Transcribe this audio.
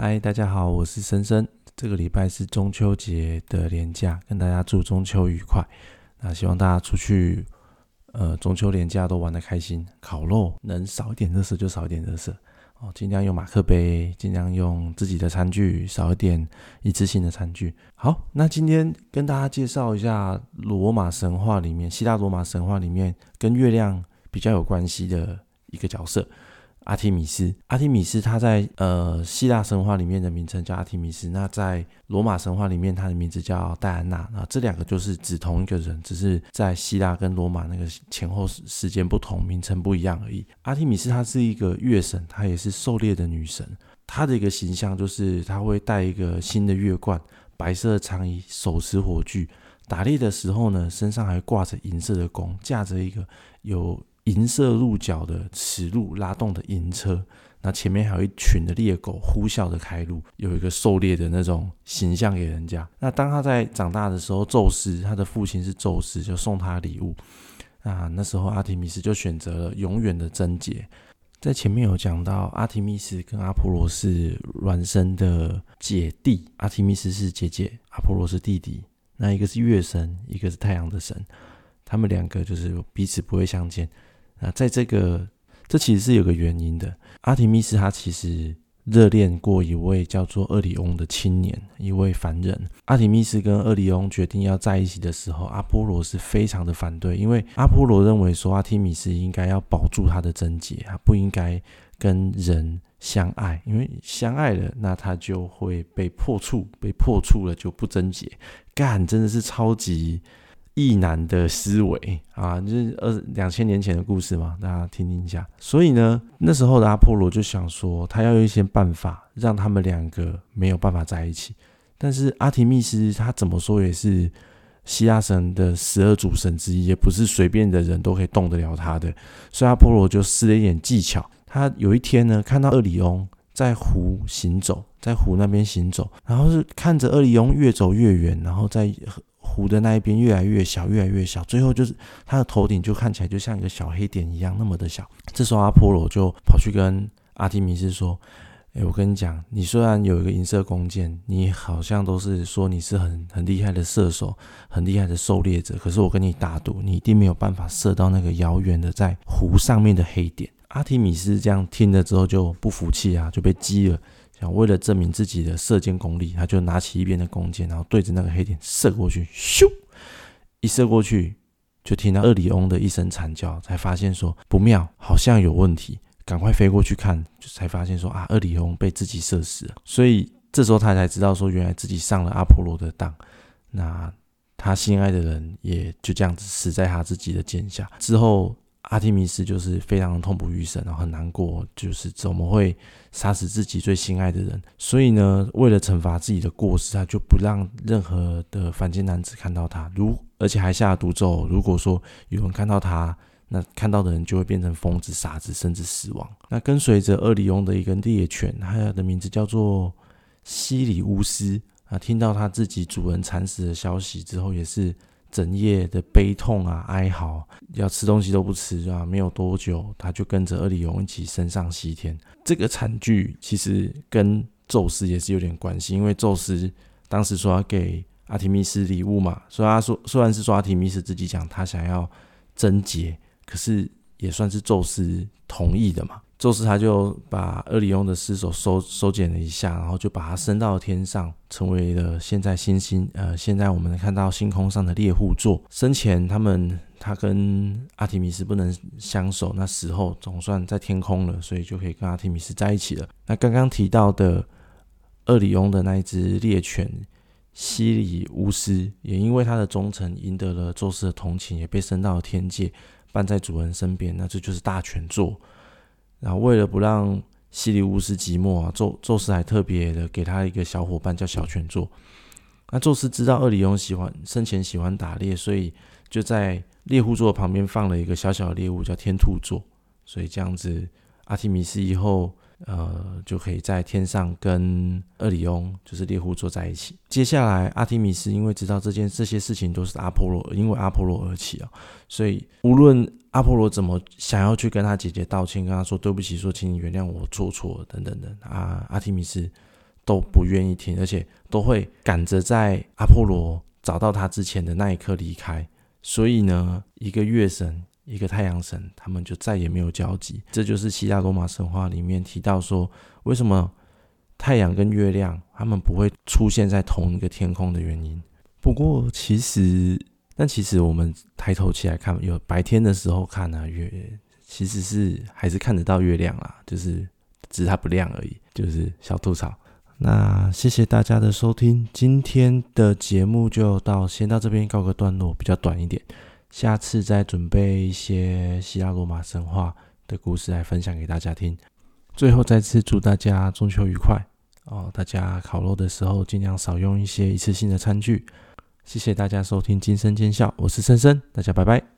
嗨，大家好，我是深深。這個禮拜是中秋節的連假，跟大家祝中秋愉快。那希望大家出去，呃，中秋連假都玩得開心。烤肉能少一點熱食就少一點熱食哦，盡量用馬克杯，盡量用自己的餐具，少一點一次性的餐具。好，那今天跟大家介紹一下羅馬神話裡面，希臘羅馬神話裡面跟月亮比較有關係的一個角色。阿提蜜斯，阿提蜜斯，他在呃希臘神話裡面的名稱叫阿提蜜斯，那在羅馬神話裡面，他的名字叫戴安娜。那這兩個就是指同一個人，只是在希臘跟羅馬那個前後時間不同，名稱不一樣而已。阿提蜜斯她是一個月神，她也是狩獵的女神。她的一個形象就是她會戴一個新的月冠，白色的長衣，手持火炬，打獵的時候呢，身上還掛着銀色的弓，架着一個有。銀色鹿角的雌鹿拉動的銀車，那前面還有一群的獵狗呼嘯着開路，有一個狩獵的那種形象給人家。那當他在長大的時候，宙斯，他的父親是宙斯，就送他禮物那，那時候阿提蜜斯就選擇了永遠的貞潔。在前面有講到，阿提蜜斯跟阿波羅是孿生的姐弟，阿提蜜斯是姐姐，阿波羅是弟弟。那一個是月神，一個是太陽的神，他們兩個就是彼此不會相見。那在這個，這其實是有個原因的。阿提蜜斯他其實熱戀過一位叫做厄里翁的青年，一位凡人。阿提蜜斯跟厄里翁決定要在一起的時候，阿波羅是非常的反對，因為阿波羅認為說阿提蜜斯應該要保住他的貞潔，他不應該跟人相愛，因為相愛了，那他就會被破處，被破處了就不貞潔。幹，真的是超級。異男的思維啊，就是呃兩千年前的故事嘛，大家聽聽一下。所以呢，那時候的阿波羅就想說，他要有一些辦法讓他們兩個沒有辦法在一起。但是阿提蜜斯他怎麼說也是希臘神的十二主神之一，也不是隨便的人都可以動得了他的。所以阿波羅就施了一點技巧。他有一天呢，看到厄里翁在湖行走，在湖那邊行走，然後是看着厄里翁越走越遠，然後在。湖的那一邊越來越小，越來越小，最後就是他的頭頂就看起來就像一個小黑點一樣，那麼的小。這時候阿波羅就跑去跟阿提米斯說：“哎、欸，我跟你講，你雖然有一個銀色弓箭，你好像都是說你是很很厲害的射手，很厲害的狩獵者，可是我跟你打賭，你一定沒有辦法射到那個遙遠的在湖上面的黑點。”阿提米斯這樣聽了之後就不服氣啊，就被激了。想為了證明自己的射箭功力，他就拿起一邊的弓箭，然後對着那個黑點射過去，咻！一射過去，就聽到厄里翁的一聲慘叫，才發現說不妙，好像有問題，趕快飛過去看，就才發現說啊，厄里翁被自己射死了。所以這時候他才知道說，原來自己上了阿波羅的當，那他心愛的人也就這樣子死在他自己的箭下。之後。阿提蜜斯就是非常痛不欲生，然後很難過，就是怎麼會殺死自己最心愛的人？所以呢，為了懲罰自己的過失，他就不讓任何的凡間男子看到他，如而且還下了毒咒，如果說有人看到他，那看到的人就會變成瘋子、傻子，甚至死亡。那跟隨着厄里翁的一個獵犬，它的名字叫做西里烏斯啊，聽到他自己主人慘死的消息之後，也是。整夜的悲痛啊，哀嚎，要吃東西都不吃啊。沒有多久，他就跟着厄里翁一起升上西天。這個慘劇其實跟宙斯也是有點關係，因為宙斯當時說要給阿提蜜斯禮物嘛，雖然說雖然是說阿提蜜斯自己講他想要貞潔，可是也算是宙斯同意的嘛。宙斯他就把厄里翁的屍首收收撿了一下，然後就把他升到了天上，成為了現在星星。呃，現在我們能看到星空上的獵戶座。生前他們他跟阿提蜜斯不能相守，那死後總算在天空了，所以就可以跟阿提蜜斯在一起了。那剛剛提到的厄里翁的那一隻獵犬西里烏斯，也因為他的忠誠贏得了宙斯的同情，也被升到了天界，伴在主人身邊。那這就是大犬座。然後為了不讓西里烏斯寂寞啊，宙宙斯還特別的給他一個小伙伴叫小犬座。那、啊、宙斯知道厄里翁喜歡生前喜歡打獵，所以就在獵戶座旁邊放了一個小小的獵物叫天兔座。所以這樣子，阿提蜜斯以後。呃，就可以在天上跟厄里翁，就是獵戶座在一起。接下來，阿提蜜斯因為知道這件這些事情都是阿波羅因為阿波羅而起啊、哦，所以無論阿波羅怎麼想要去跟他姐姐道歉，跟他說對不起說，說請你原諒我做錯等等等，阿、啊、阿提蜜斯都不願意聽，而且都會趕着在阿波羅找到他之前的那一刻離開。所以呢，一個月神。一個太陽神，他們就再也沒有交集。這就是希臘羅馬神話裡面提到說，為什麼太陽跟月亮他們不會出現在同一個天空的原因。不過其實，那其實我們抬頭起來看，有白天的時候看呢、啊，月其實是還是看得到月亮啦，就是只是它不亮而已，就是小吐槽。那謝謝大家的收聽，今天的節目就到先到這邊告個段落，比較短一點。下次再準備一些希臘羅馬神話的故事來分享給大家聽。最後再次祝大家中秋愉快哦！大家烤肉的時候盡量少用一些一次性的餐具。謝謝大家收聽《今生今笑》，我是森森，大家拜拜。